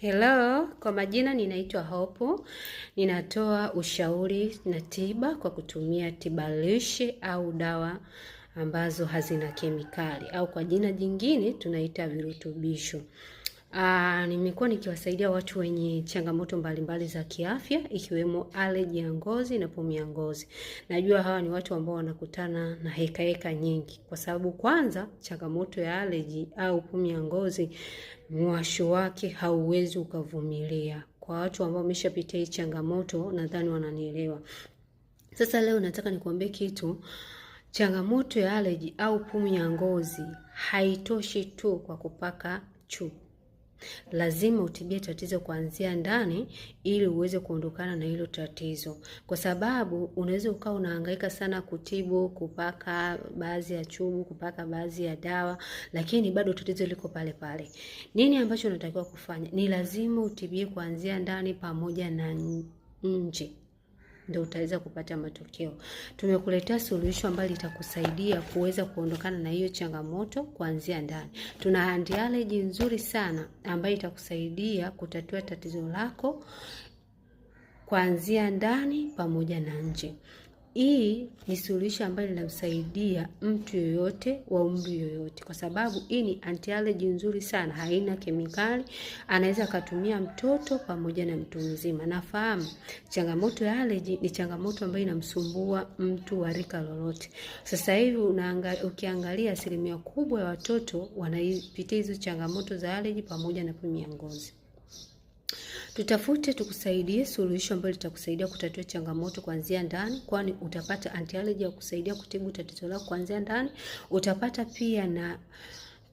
Hello, kwa majina ninaitwa Hope. Ninatoa ushauri na tiba kwa kutumia tiba lishe au dawa ambazo hazina kemikali au kwa jina jingine tunaita virutubisho. Uh, nimekuwa nikiwasaidia watu wenye changamoto mbalimbali za kiafya ikiwemo aleji ya ngozi na pumu ya ngozi. Najua hawa ni watu ambao wanakutana na heka heka nyingi, kwa sababu kwanza, changamoto ya aleji au pumu ya ngozi, mwasho wake hauwezi ukavumilia. Kwa watu ambao wameshapitia hii changamoto, nadhani wananielewa. Sasa leo nataka nikuambie kitu. Changamoto ya aleji au pumu ya ngozi haitoshi tu kwa kupaka chupa Lazima utibie tatizo kuanzia ndani ili uweze kuondokana na hilo tatizo, kwa sababu unaweza ukawa unahangaika sana kutibu, kupaka baadhi ya chubu, kupaka baadhi ya dawa, lakini bado tatizo liko pale pale. Nini ambacho unatakiwa kufanya? Ni lazima utibie kuanzia ndani pamoja na nje ndio utaweza kupata matokeo. Tumekuletea suluhisho ambayo litakusaidia kuweza kuondokana na hiyo changamoto kuanzia ndani. Tuna andialeji nzuri sana ambayo itakusaidia kutatua tatizo lako kuanzia ndani pamoja na nje. Hii ni suluhisho ambayo linamsaidia mtu yoyote wa umri yoyote, kwa sababu hii ni antialeji nzuri sana, haina kemikali, anaweza akatumia mtoto pamoja na mtu mzima. Nafahamu changamoto ya aleji ni changamoto ambayo inamsumbua mtu wa rika lolote. Sasa hivi ukiangalia, asilimia kubwa ya watoto wanaipitia hizo changamoto za aleji pamoja na ya ngozi. Tutafute tukusaidie suluhisho ambalo litakusaidia kutatua changamoto kuanzia ndani, kwani utapata antiallergy ya kusaidia kutibu tatizo lako kuanzia ndani. Utapata pia na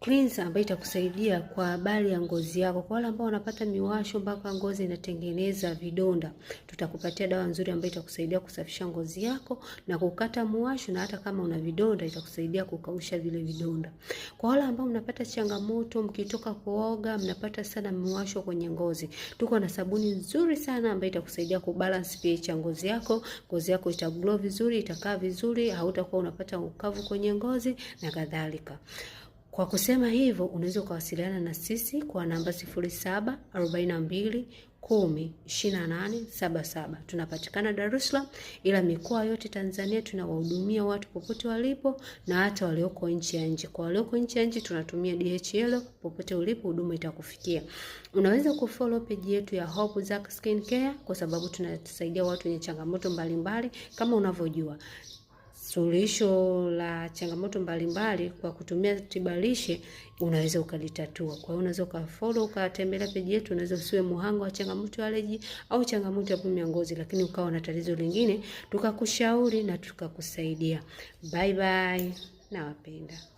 cleanser ambayo itakusaidia kwa habari ya ngozi yako. Kwa wale ambao wanapata miwasho mpaka ngozi inatengeneza vidonda, tutakupatia dawa nzuri ambayo itakusaidia kusafisha ngozi yako na kukata muwasho, na hata kama una vidonda itakusaidia kukausha vile vidonda. Kwa wale ambao mnapata changamoto mkitoka kuoga, mnapata sana miwasho kwenye ngozi, tuko na sabuni nzuri sana ambayo itakusaidia kubalance pH ya ngozi yako. Ngozi yako itaglow vizuri, itakaa vizuri, hautakuwa unapata ukavu kwenye ngozi na kadhalika. Kwa kusema hivyo, unaweza ukawasiliana na sisi kwa namba 0742102877. Tunapatikana Dar es Salaam, ila mikoa yote Tanzania tunawahudumia watu popote walipo na hata walioko nchi ya nje. Kwa walioko nchi ya nje tunatumia DHL. Popote ulipo, huduma itakufikia. Unaweza kufollow page yetu ya Hope Zack Skin Care kwa sababu tunasaidia watu wenye changamoto mbalimbali mbali, kama unavyojua suluhisho la changamoto mbalimbali mbali, kwa kutumia tiba lishe unaweza ukalitatua. Kwa hiyo unaweza ukafollow ukatembelea peji yetu, unaweza usiwe muhanga wa changamoto ya leji au changamoto ya ya ngozi, lakini ukawa na tatizo lingine, tukakushauri na tukakusaidia. Bye bye, nawapenda.